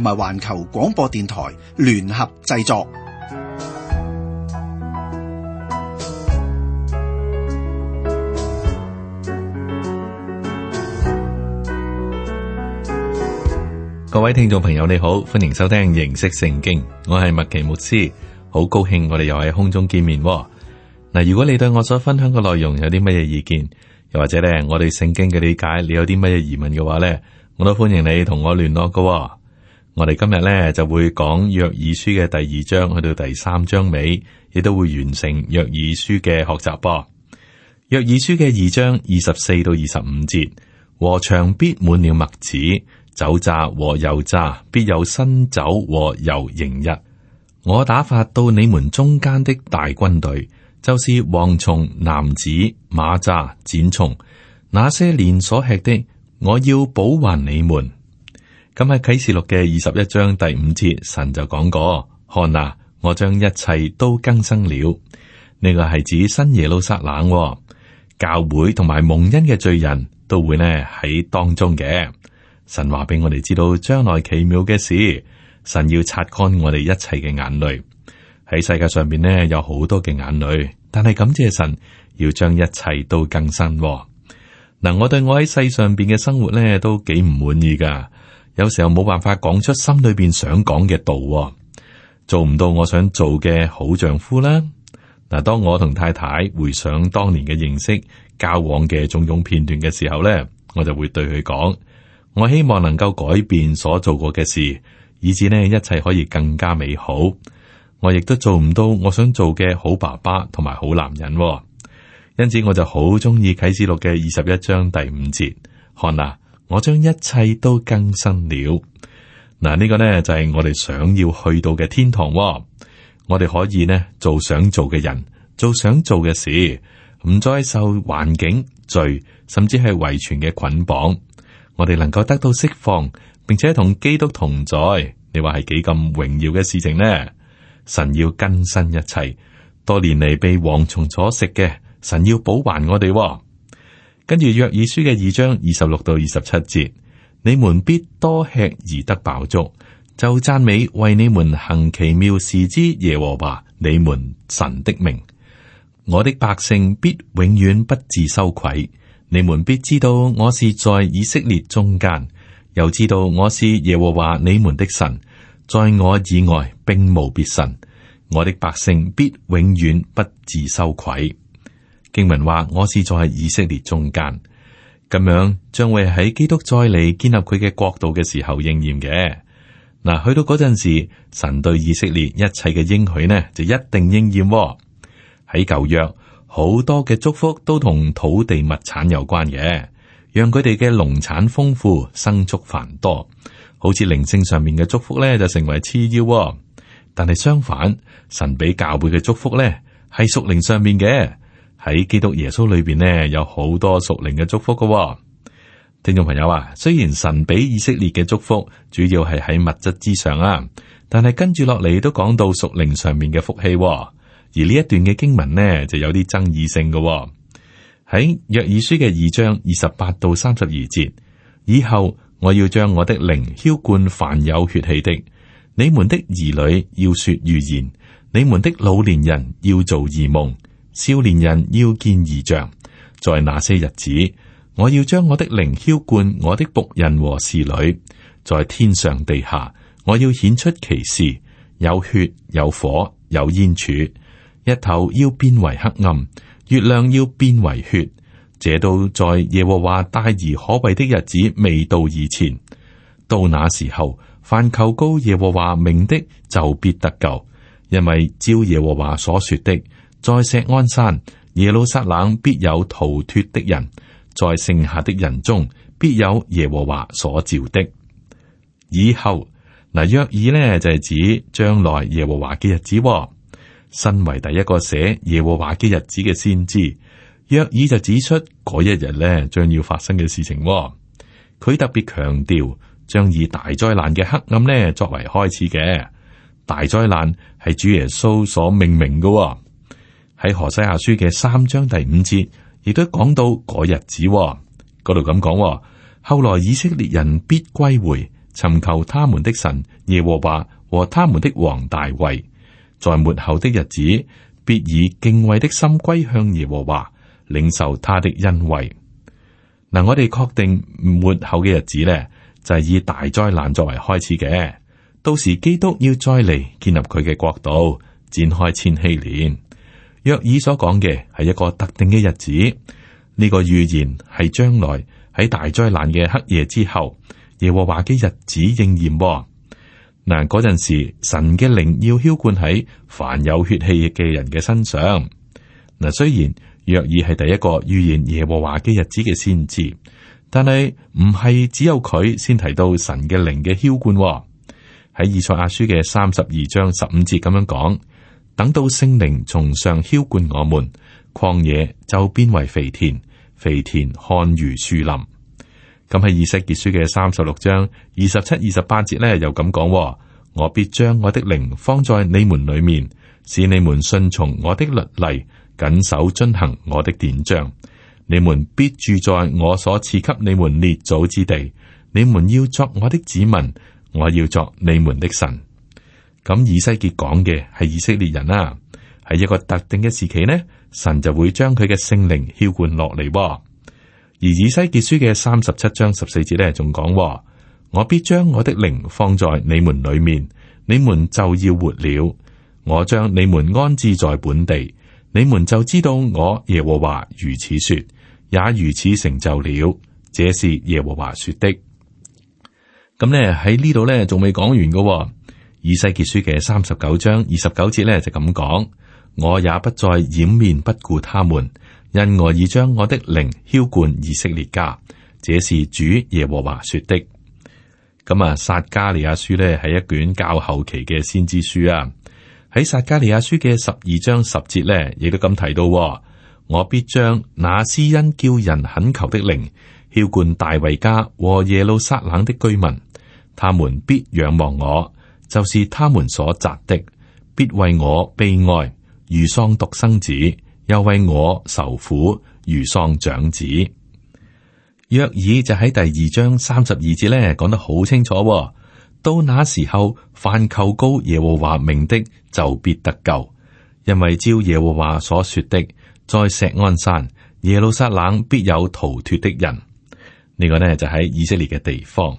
同埋環球廣播電台聯合製作。各位聽眾朋友，你好，歡迎收聽認識聖經。我係麥奇牧師，好高興我哋又喺空中見面嗱。如果你對我所分享嘅內容有啲乜嘢意見，又或者咧我對聖經嘅理解，你有啲乜嘢疑問嘅話咧，我都歡迎你同我聯絡噶。我哋今日咧就會講約珥書嘅第二章去到第三章尾，亦都會完成約珥書嘅學習噃。約珥書嘅二章二十四到二十五節，禾場必滿了麥子、酒醡和油醡，必有新酒和油盈溢，我打發到你們中間的大軍隊，就是蝗蟲、蝻子、螞蚱、剪蟲，那些年所吃的，我要補還你們。咁喺啟示錄嘅二十一章第五節，神就講過：看啊，我將一切都更新了。呢個係指新耶路撒冷、哦，教會同埋蒙恩嘅罪人都會呢喺當中嘅。神話俾我哋知道將來奇妙嘅事，神要擦乾我哋一切嘅眼淚。喺世界上邊呢，有好多嘅眼淚，但係感謝神，要將一切都更新、哦。嗱，我對我喺世上邊嘅生活呢，都幾唔滿意噶。有時候冇辦法講出心裏邊想講嘅道、哦，做唔到我想做嘅好丈夫啦。嗱，當我同太太回想當年嘅認識、交往嘅種種片段嘅時候咧，我就會對佢講：我希望能夠改變所做過嘅事，以至咧一切可以更加美好。我亦都做唔到我想做嘅好爸爸同埋好男人、哦，因此我就好鍾意啟示錄嘅二十一章第五節，看啦、啊。我將一切都更新了，嗱，這，呢個呢，就係、是、我哋想要去到嘅天堂，哦。我哋可以呢，做想做嘅人，做想做嘅事，唔再受環境罪甚至係遺傳嘅捆綁。我哋能夠得到釋放，並且同基督同在。你話係幾咁榮耀嘅事情呢？神要更新一切，多年嚟被蝗蟲所食嘅，神要補還我哋，哦。跟住《約珥書》嘅二章二十六到二十七節，你們，必多吃而得飽足，就讚美為你們行奇妙事之耶和華你們神的名。我的百姓必永遠不自羞愧，你們必知道我是在以色列中間，又知道我是耶和華你們的神，在我以外並無別神。我的百姓必永遠不自羞愧。經文話：我是在以色列中間，咁樣將會喺基督再嚟建立佢嘅國度嘅時候應驗嘅。嗱，去到嗰陣時，神對以色列一切嘅應許呢，就一定應驗喎。喺舊約，好多嘅祝福都同土地物產有關嘅，讓佢哋嘅農產豐富，牲畜繁多，好似靈性上面嘅祝福咧，就成為次要。但係相反，神俾教會嘅祝福咧，係屬靈上面嘅。喺基督耶穌裏邊呢，有好多屬靈嘅祝福噶、哦。聽眾朋友啊，雖然神俾以色列嘅祝福主要係喺物質之上啊，但係跟住落嚟都講到屬靈上面嘅福氣、哦。而呢一段嘅經文呢，就有啲爭議性噶、哦。喺約珥書嘅二章二十八到三十二節，以後我要將我的靈澆灌凡有血氣的，你們的兒女要說預言，你們的老年人要做異夢。少年人要見異象，在那些日子，我要將我的靈澆灌我的僕人和侍女，在天上地下，我要顯出奇事，有血，有火，有煙柱，日頭要變為黑暗，月亮要變為血。這都在耶和華大而可畏的日子未到以前。到那時候，凡求告耶和華名的，就必得救，因為照耶和華所說的。在錫安山耶路撒冷，必有逃脱的人；在剩下的人中，必有耶和華所召的。以後嗱，約珥咧就係指將來耶和華嘅日子。身為第一個寫耶和華嘅日子嘅先知，約珥就指出嗰一日咧將要發生嘅事情。佢特別強調，將以大災難嘅黑暗咧作為開始嘅。大災難係主耶穌所命名嘅。喺《何西亞書》嘅三章第五節，亦都講到嗰日子嗰度咁講。後來以色列人必歸回，尋求他們的神耶和華和他們的王大衛。在末後的日子，必以敬畏的心歸向耶和華，領受他的恩惠。嗱，我哋確定末後嘅日子咧，就係以大災難作為開始嘅。到時基督要再嚟建立佢嘅國度，展開千禧年。約珥所講嘅係一個特定嘅日子，呢、這個預言係將來喺大災難嘅黑夜之後，耶和華嘅日子應驗、哦。嗱，嗰陣時神嘅靈要澆灌喺凡有血氣嘅人嘅身上。嗱，雖然約珥係第一個預言耶和華嘅日子嘅先知，但係唔係只有佢先提到神嘅靈嘅澆灌喎。喺以賽亞書嘅三十二章十五節咁樣講。等到聖靈從上澆灌我們，曠野就變為肥田，肥田看如樹林。咁係《以西結書》嘅三十六章二十七、二十八節呢，又咁講、哦：我必將我的靈放在你們裏面，使你們順從我的律例，謹守遵行我的典章。你們必住在我所賜給你們列祖之地，你們要作我的子民，我要作你們的神。咁以西結講嘅係以色列人啦，啊，係一個特定嘅時期呢，神就會將佢嘅聖靈澆灌落嚟。而以西結書嘅三十七章十四節呢，仲講話：我必將我的靈放在你們裏面，你們就要活了。我將你們安置在本地，你們就知道我耶和華如此說，也如此成就了。這是耶和華說的。咁呢喺呢度呢，仲未講完噶，哦。以西結書嘅三十九章二十九節呢，就咁講：我也不再掩面不顧他們，因我已將我的靈澆灌以色列家。這是主耶和華說的。咁啊，撒迦利亞書呢，係一卷較後期嘅先知書啊。喺撒迦利亞書嘅十二章十節呢，亦都咁提到啊：我必將那施恩叫人懇求的靈澆灌大衛家和耶路撒冷的居民，他們必仰望我。就是他們所紮的，必為我悲哀如喪獨生子，又為我愁苦如喪長子。約珥就喺第二章三十二節咧，講得好清楚、哦。到那時候，凡求告耶和華名的，就必得救。因為照耶和華所說的，在錫安山耶路撒冷，必有逃脱的人。這個、呢個咧就喺、是、以色列嘅地方。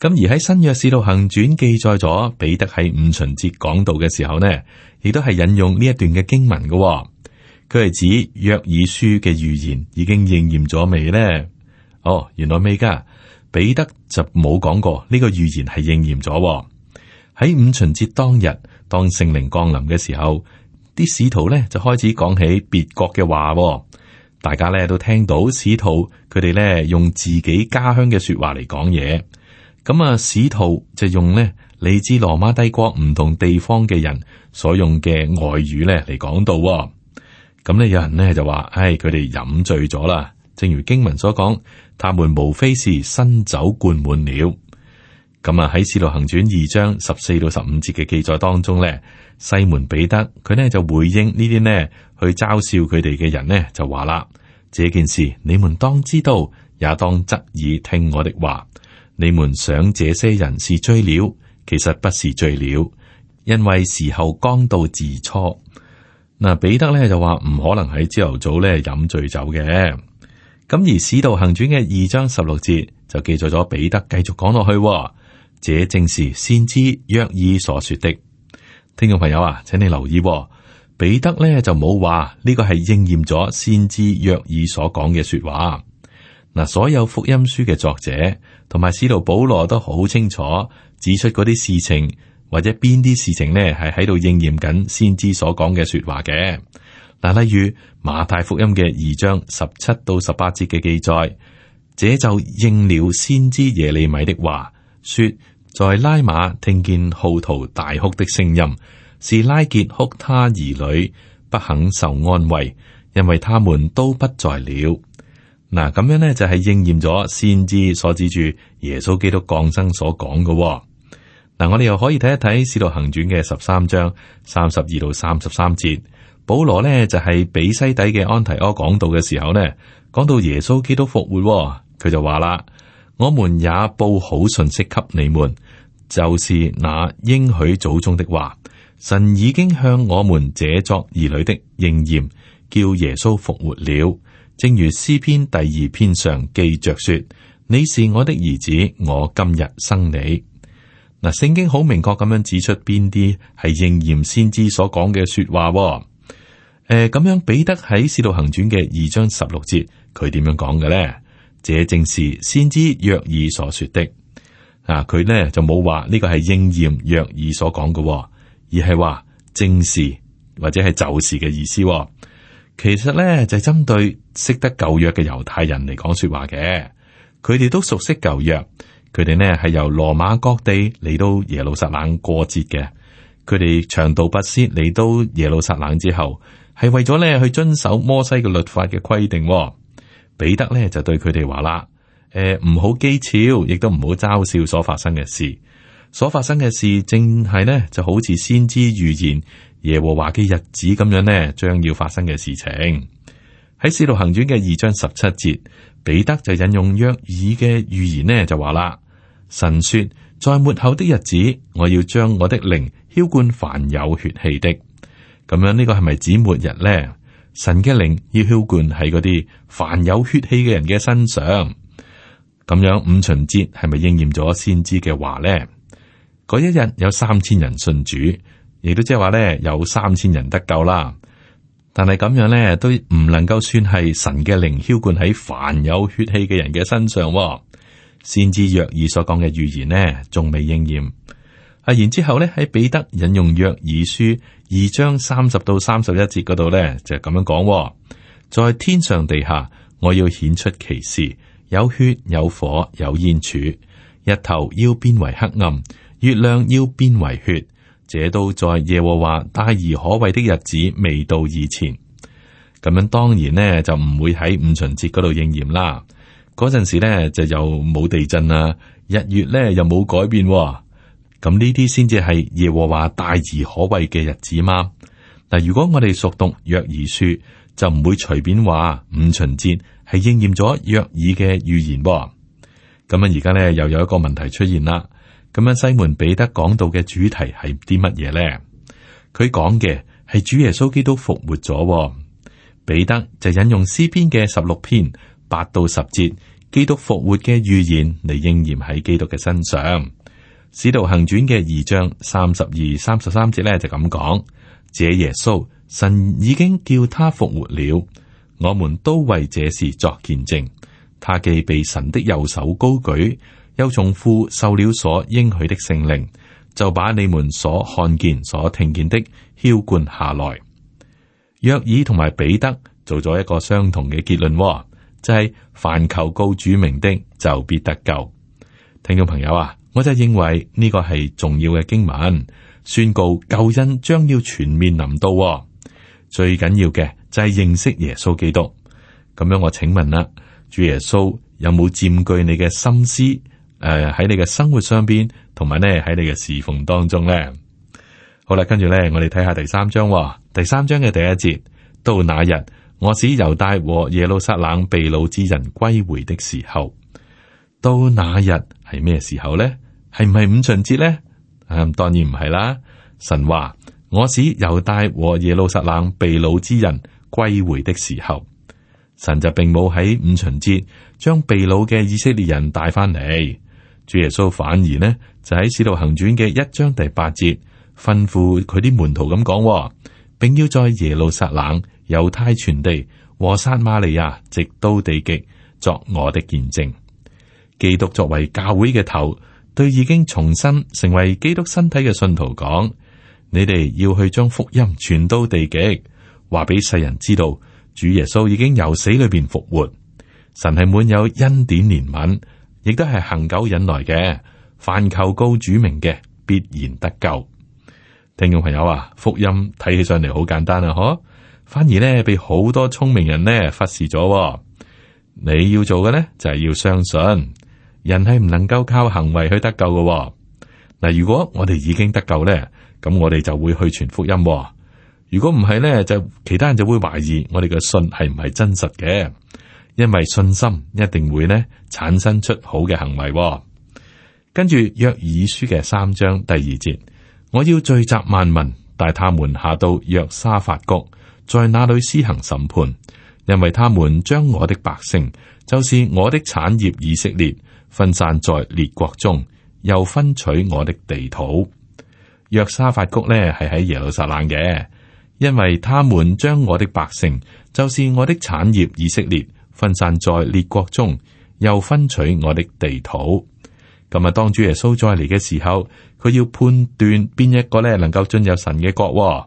咁而喺新約使徒行傳記載咗彼得喺五旬節講道嘅時候呢，亦都係引用呢一段嘅經文嘅、哦。佢係指約珥書嘅預言已經應驗咗未呢？哦，原來未噶。彼得就冇講過呢個預言係應驗咗喺五旬節當日，當聖靈降臨嘅時候，啲使徒咧就開始講起別國嘅話、哦，大家咧都聽到使徒佢哋咧用自己家鄉嘅說話嚟講嘢。咁啊，使徒就用呢嚟自羅馬帝國唔同地方嘅人所用嘅外語咧嚟講道、哦。咁、嗯、呢，有人呢就話：，唉、哎，佢哋飲醉咗啦。正如經文所講，他們無非是新酒灌滿了。咁、嗯、啊，喺《使徒行傳》二章十四到十五節嘅記載當中呢，西門彼得佢呢就回應呢啲呢去嘲笑佢哋嘅人呢，就話啦：，這件事你們當知道，也當側耳聽我的話。你們想這些人是醉了，其實不是醉了，因為時候剛到自初。嗱，彼得咧就話唔可能喺朝頭早咧飲醉酒嘅。咁而使徒行傳嘅二章十六節就記載咗彼得繼續講落去，這正是先知約珥所說的。聽眾朋友啊，請你留意，彼得咧就冇話呢個係應驗咗先知約珥所講嘅說話。嗱，所有福音書嘅作者。同埋，使徒保羅都好清楚指出嗰啲事情或者邊啲事情咧，係喺度應驗緊先知所講嘅說的話嘅。嗱，例如馬太福音嘅二章十七到十八節嘅記載，這就應了先知耶利米的話，說在拉瑪聽見號啕大哭的聲音，是拉杰哭他兒女不肯受安慰，因為他們都不在了。嗱，咁樣咧就係應驗咗先知所指住耶穌基督降生所講嘅、哦。嗱，我哋又可以睇一睇《使徒行傳》嘅十三章三十二到三十三節，保羅呢就係俾西底嘅安提阿講道嘅時候呢，講到耶穌基督復活、哦，佢就話啦：，我們也報好信息給你們，就是那應許祖宗的話，神已經向我們這作兒女的應驗，叫耶穌復活了。正如詩篇第二篇上記着說，你是我的兒子，我今日生你。嗱、啊，聖經好明確咁樣指出邊啲係應驗先知所講嘅說話、哦。誒、啊，咁樣彼得喺使徒行傳嘅二章十六節，佢點樣講嘅咧？這正是先知約珥所說的。啊，佢呢就冇話呢個係應驗約珥所講嘅、哦，而係話正是或者係就是嘅意思、哦。其實咧就係、針對識得舊約嘅猶太人嚟講說話嘅，佢哋都熟悉舊約，佢哋呢係由羅馬各地嚟到耶路撒冷過節嘅，佢哋長途跋涉嚟到耶路撒冷之後，係為咗呢去遵守摩西嘅律法嘅規定、哦。彼得呢就對佢哋話啦：，誒、呃，唔好譏誚，亦都唔好嘲笑所發生嘅事，所發生嘅事正係呢就好似先知預言。耶和華嘅日子咁樣呢，將要發生嘅事情，喺使徒行傳嘅二章十七節，彼得就引用約珥嘅預言呢，就話啦：神說，在末後的日子，我要將我的靈澆灌凡有血氣的。咁樣呢個係咪指末日呢？神嘅靈要澆灌喺嗰啲凡有血氣嘅人嘅身上。咁樣五旬節係咪應驗咗先知嘅話呢？嗰一日有三千人信主。亦都即係話咧，有三千人得救啦。但係咁樣咧，都唔能夠算係神嘅靈澆灌喺凡有血氣嘅人嘅身上喎。先知約珥所講嘅預言呢，仲未應驗。啊，然之後咧，喺彼得引用約珥書二章三十到三十一節嗰度咧，就係咁樣講喎：在天上地下，我要顯出奇事，有血有火有煙柱，日頭要變為黑暗，月亮要變為血。者都在耶和華大而可畏的日子未到以前。咁樣當然呢就唔會喺五旬節嗰度應驗啦。嗰陣時呢就又冇地震啊，日月呢又冇改變，咁呢啲先至係耶和華大而可畏嘅日子嘛。嗱，如果我哋熟讀約珥書，就唔會隨便話五旬節係應驗咗約珥嘅預言。咁啊，而家呢又有一個問題出現啦。咁樣，西門彼得講道嘅主題係啲乜嘢咧？佢講嘅係主耶穌基督復活咗，彼得就引用詩篇嘅十六篇八到十節基督復活嘅預言嚟應驗喺基督嘅身上。使徒行傳嘅二章三十二、三十三節咧就咁講：這耶穌神已經叫他復活了，我們都為這事作見證。他既被神的右手高舉。又從父受了所應許的聖靈，就把你們所看見、所聽見的宣告下來。約珥同埋彼得做咗一個相同嘅結論、哦，就係、是、凡求告主名的，就必得救。聽眾朋友啊，我就認為呢個係重要嘅經文，宣告救恩將要全面臨到、哦。最緊要嘅就係認識耶穌基督。咁樣我請問啦、啊，主耶穌有冇佔據你嘅心思？誒，喺你嘅生活上邊，同埋呢喺你嘅侍奉當中咧，好啦，跟住咧我哋睇下第三章，第三章嘅第一節，到那日，我使猶大和耶路撒冷被擄之人歸回的時候，到那日係咩時候咧？係唔係五旬節咧？當然唔係啦。神話我使猶大和耶路撒冷被擄之人歸回的時候，神就並冇喺五旬節將被擄嘅以色列人帶翻嚟。主耶穌反而呢，就喺《使徒行傳》嘅一章第八節，吩咐佢啲門徒咁講，並要在耶路撒冷、猶太全地和撒瑪利亞，直到地極作我的見證。基督作為教會嘅頭，對已經重新成為基督身體嘅信徒講：你哋要去將福音傳到地極，話俾世人知道，主耶穌已經由死裏面復活，神係滿有恩典憐憫。亦都係行狗引來嘅，凡求告主名嘅，必然得救。聽眾朋友啊，福音睇起上嚟好簡單啊，嗬，反而咧被好多聰明人咧忽視咗。你要做嘅咧就係要相信，人係唔能夠靠行為去得救嘅。嗱，如果我哋已經得救咧，咁我哋就會去傳福音。如果唔係咧，就其他人就會懷疑我哋嘅信係唔係真實嘅。因為信心一定會咧產生出好嘅行為，哦。跟住《約珥書》嘅三章第二節，我要聚集萬民，帶他們下到約沙法谷，在那裡施行審判，因為他們將我的百姓，就是我的產業以色列，分散在列國中，又分取我的地土。約沙法谷呢係喺耶路撒冷嘅。因為他們將我的百姓，就是我的產業以色列。分散在列國中，又分取我的地土。咁啊，當主耶穌再嚟嘅時候，佢要判斷邊一個咧能夠進入神嘅國呢？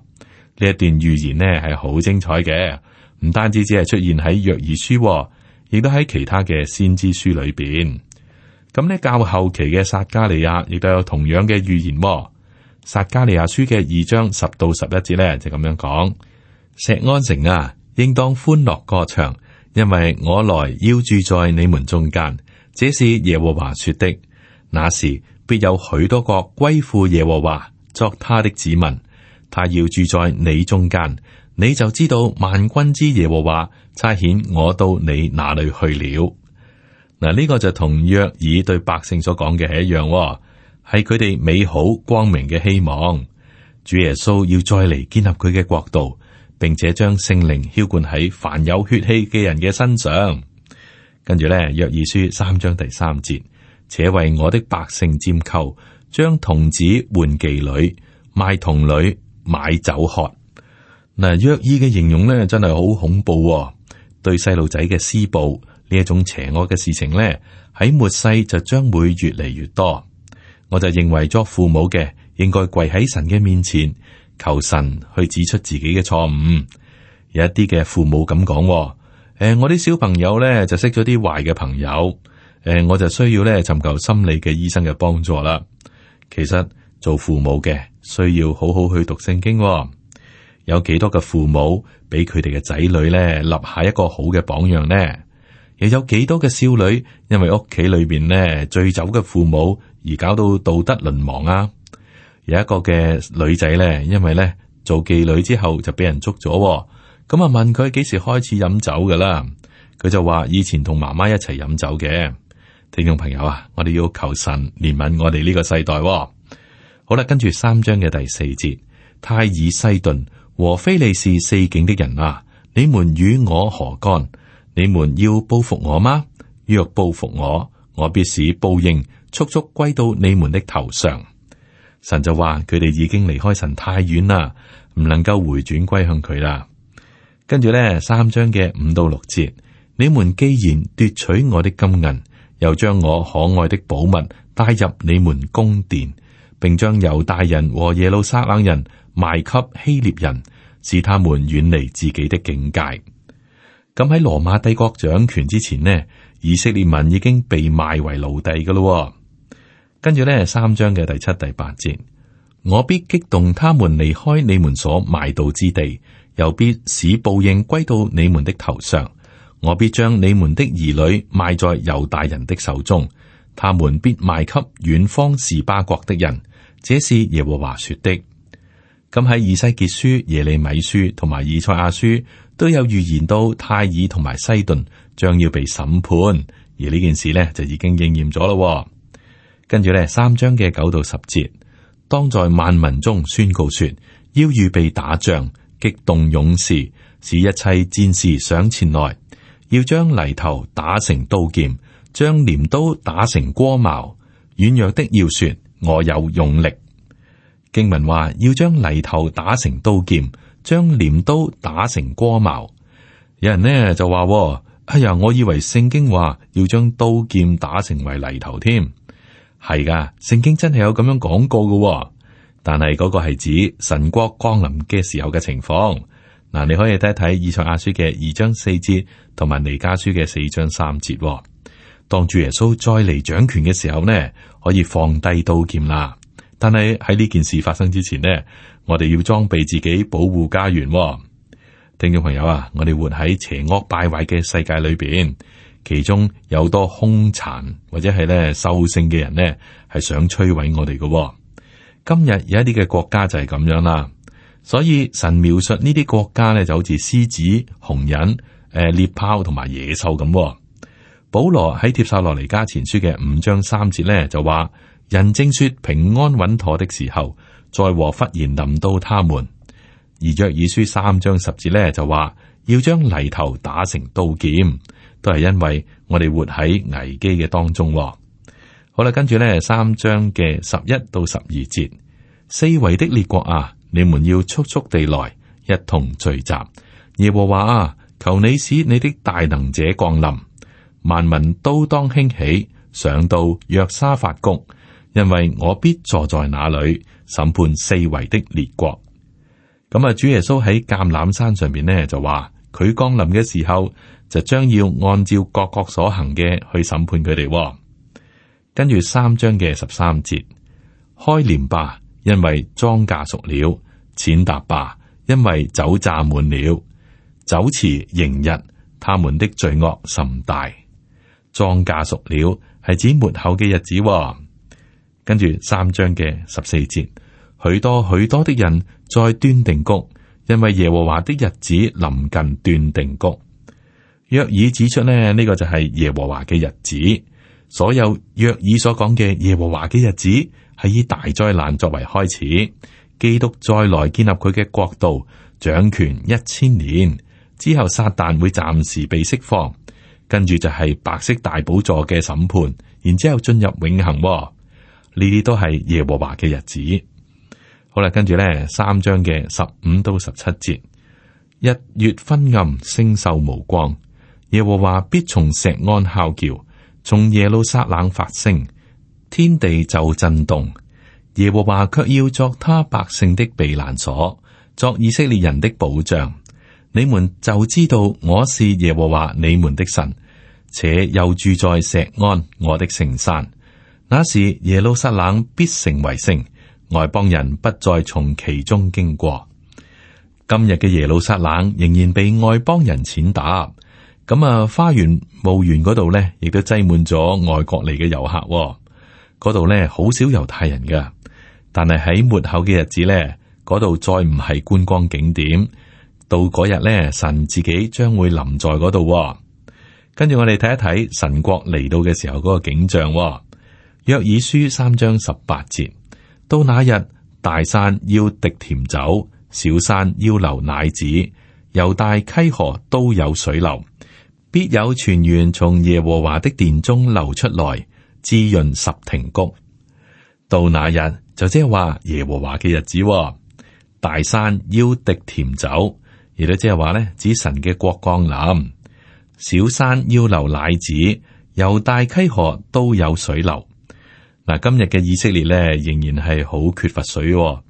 一段預言呢係好精彩嘅，唔單止只係出現喺約珥書，亦都喺其他嘅先知書裏邊。咁呢較後期嘅撒加利亞亦都有同樣嘅預言。撒加利亞書嘅二章十到十一節咧就咁樣講：錫安城啊，應當歡樂歌唱。因為我來要住在你們中間，這是耶和華說的。那時必有許多國歸附耶和華，作他的子民。他要住在你中間，你就知道萬軍之耶和華差遣我到你那裏去了。嗱，呢個就同約珥對百姓所講嘅係一樣，係佢哋美好光明嘅希望。主耶穌要再嚟建立佢嘅國度。並且將聖靈澆灌喺凡有血氣嘅人嘅身上，跟住咧，約珥書三章第三節，且為我的百姓佔求，將童子換妓女，賣童女買酒喝。嗱，約珥嘅形容咧真係好恐怖，哦，對細路仔嘅施暴呢一種邪惡嘅事情咧，喺末世就將會越嚟越多。我就認為作父母嘅應該跪喺神嘅面前。求神去指出自己嘅錯誤，有一啲嘅父母咁講，誒，我啲小朋友咧就識咗啲壞嘅朋友，誒，我就需要咧尋求心理嘅醫生嘅幫助啦。其實做父母嘅需要好好去讀聖經哦。有幾多嘅父母俾佢哋嘅仔女咧立下一個好嘅榜樣呢？又有幾多嘅少女因為屋企裏邊咧醉酒嘅父母而搞到道德淪亡啊？有一個嘅女仔咧，因為咧做妓女之後就俾人捉咗，哦，咁啊問佢幾時開始飲酒噶啦？佢就話以前同媽媽一齊飲酒嘅。聽眾朋友啊，我哋要求神憐憫我哋呢個世代，哦。好啦，跟住三章嘅第四節，泰爾西頓和非利士四境的人啊，你們與我何干？你們要報復我嗎？若報復我，我必使報應速速歸到你們的頭上。神就話佢哋已經離開神太遠啦，唔能夠回轉歸向佢啦。跟住呢，三章嘅五到六節，你們既然奪取我的金銀，又將我可愛的寶物帶入你們宮殿，並將猶大人和耶路撒冷人賣給希臘人，使他們遠離自己的境界。咁喺羅馬帝國掌權之前呢，以色列民已經被賣為奴隸噶咯。跟住咧，三章嘅第七、第八節，我必激動他們離開你們所賣到之地，又必使報應歸到你們的頭上。我必將你們的兒女賣在猶大人的手中，他們必賣給遠方示巴國的人。這是耶和華說的。咁喺以西結書、耶利米書同埋以賽亞書都有預言到泰爾同埋西頓將要被審判，而呢件事呢，就已經應驗咗咯。跟住咧，三章嘅九到十節，當在萬民中宣告說，要預備打仗，激動勇士，使一切戰士上前來，要將犁頭打成刀劍，將鐮刀打成戈矛。軟弱的要說，我有勇力。經文話要將犁頭打成刀劍，將鐮刀打成戈矛。有人呢就話：哎呀，我以為聖經話要將刀劍打成為犁頭添。係噶聖經真係有咁樣講過噶、哦，但係嗰個係指神國光臨嘅時候嘅情況。嗱、啊，你可以睇一睇以賽亞書嘅二章四節，同埋尼嘉書嘅四章三節、哦。當住耶穌再嚟掌權嘅時候呢，可以放低刀劍啦。但係喺呢件事發生之前呢，我哋要裝備自己，保護家園、哦。聽眾朋友啊，我哋活喺邪惡敗壞嘅世界裏邊。其中有多凶殘或者係咧修性嘅人呢，係想摧毀我哋嘅、哦。今日有一啲嘅國家就係咁樣啦，所以神描述呢啲國家呢，就好似獅子、紅人、誒獵豹同埋野獸咁、哦。保羅喺帖撒羅尼加前書嘅五章三節呢，就話：人正說平安穩妥的時候，災禍忽然臨到他們。而約珥書三章十節呢，就話：要將泥頭打成刀劍。都係因為我哋活喺危機嘅當中，好啦，跟住呢，三章嘅十一到十二節，四圍的列國啊，你們要速速地來，一同聚集。耶和華啊，求你使你的大能者降臨，萬民都當興起，上到約沙法谷，因為我必坐在那裏審判四圍的列國。咁、嗯、啊，主耶穌喺橄欖山上邊呢，就話。佢降臨嘅時候，就將要按照各國所行嘅去審判佢哋，哦。跟住三章嘅十三節，開鐮吧，因為莊稼熟了；踐踏吧，因為酒榨滿了。酒池盈溢，他們的罪惡甚大。莊稼熟了，係指末後嘅日子、哦。跟住三章嘅十四節，許多許多的人在斷定谷。因為耶和華的日子臨近斷定谷，約珥指出呢、呢個就係耶和華嘅日子。所有約珥所講嘅耶和華嘅日子，係以大災難作為開始。基督再來建立佢嘅國度，掌權一千年之後，撒旦會暫時被釋放，跟住就係白色大寶座嘅審判，然之後進入永恆。呢啲都係耶和華嘅日子。好啦，跟住咧，三章嘅十五到十七節，日月昏暗，星宿無光，耶和華必從錫安吼叫，從耶路撒冷發聲，天地就震動，耶和華卻要作他百姓的避難所，作以色列人的保障，你們就知道我是耶和華你們的神，且又住在錫安我的聖山，那時耶路撒冷必成為聖。外邦人不再從其中經過。今日嘅耶路撒冷仍然被外邦人踐踏咁啊。花園墓園嗰度咧，亦都擠滿咗外國嚟嘅遊客。嗰度咧，好少猶太人噶，但係喺末後嘅日子咧，嗰度再唔係觀光景點。到嗰日咧，神自己將會臨在嗰度。跟住我哋睇一睇神國嚟到嘅時候嗰個景象。約珥書三章十八節。到那日，大山要滴甜酒，小山要流奶子，猶大溪河都有水流，必有泉源從耶和華的殿中流出來，滋潤十亭谷。到那日就即係話耶和華嘅日子，大山要滴甜酒，亦都即係話咧，指神嘅國降臨，小山要流奶子，猶大溪河都有水流。嗱，今日嘅以色列咧，仍然係好缺乏水，哦，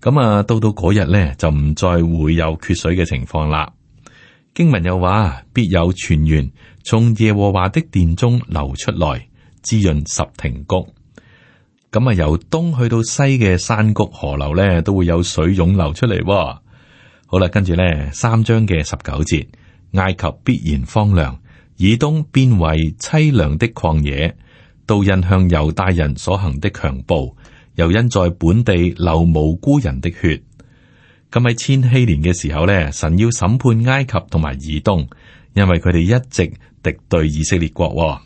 咁、嗯、啊，到到嗰日咧，就唔再會有缺水嘅情況啦。經文又話，必有泉源從耶和華的殿中流出來，滋潤十亭谷。咁、嗯、啊、嗯，由東去到西嘅山谷河流咧，都會有水湧流出嚟，哦。好啦，跟住咧，三章嘅十九節，埃及必然荒涼，以東變為淒涼的曠野。都因向猶大人所行的強暴，又因在本地流無辜人的血。咁喺千禧年嘅時候咧，神要審判埃及同埋以東，因為佢哋一直敵對以色列國。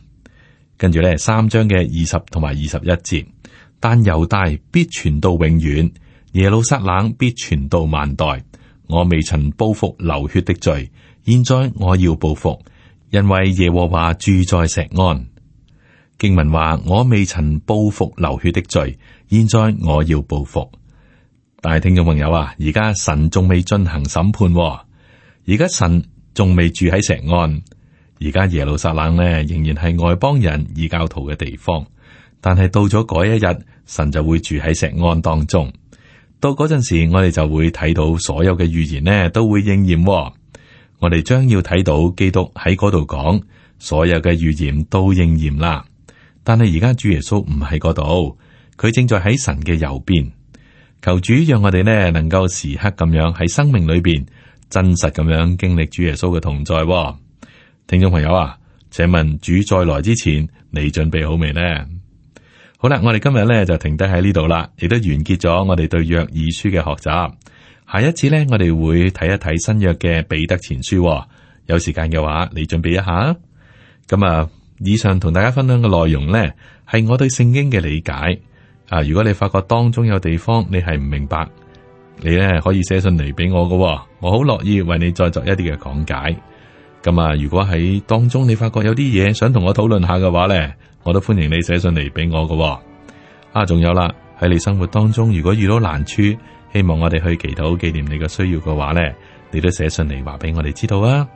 跟住咧，三章嘅二十同埋二十一節，但猶大必傳到永遠，耶路撒冷必傳到萬代。我未曾報復流血的罪，現在我要報復，因為耶和華住在錫安。經文話：我未曾報復流血的罪，現在我要報復。但係，聽眾朋友啊，而家神仲未進行審判喎，而家神仲未住喺錫安。而家耶路撒冷呢，仍然係外邦人異教徒嘅地方。但係到咗嗰一日，神就會住喺錫安當中。到嗰陣時，我哋就會睇到所有嘅預言呢都會應驗喎。我哋將要睇到基督喺嗰度講，所有嘅預言都應驗啦。但係而家主耶穌唔喺嗰度，佢正在喺神嘅右邊。求主讓我哋呢能夠時刻咁樣喺生命裏邊真實咁樣經歷主耶穌嘅同在。聽眾朋友啊，請問主再來之前，你準備好未呢？好啦，我哋今日呢就停低喺呢度啦，亦都完結咗我哋對約珥書嘅學習。下一次呢，我哋會睇一睇新約嘅彼得前書。有時間嘅話，你準備一下。咁啊～以上同大家分享嘅內容呢，係我對聖經嘅理解啊！如果你發覺當中有地方你係唔明白，你呢可以寫信嚟俾我噶，我好樂意為你再作一啲嘅講解。咁啊，如果喺當中你發覺有啲嘢想同我討論下嘅話呢，我都歡迎你寫信嚟俾我噶。啊，仲有啦，喺你生活當中如果遇到難處，希望我哋去祈禱紀念你嘅需要嘅話呢，你都寫信嚟話俾我哋知道啊！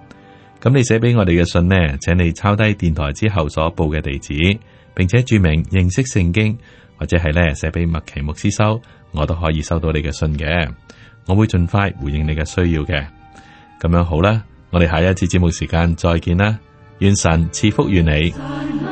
咁你寫俾我哋嘅信呢，請你抄低電台之後所報嘅地址，並且注明認識聖經，或者係咧寫俾麥奇牧師收，我都可以收到你嘅信嘅，我會盡快回應你嘅需要嘅。咁樣好啦，我哋下一次節目時間再見啦，願神賜福於你。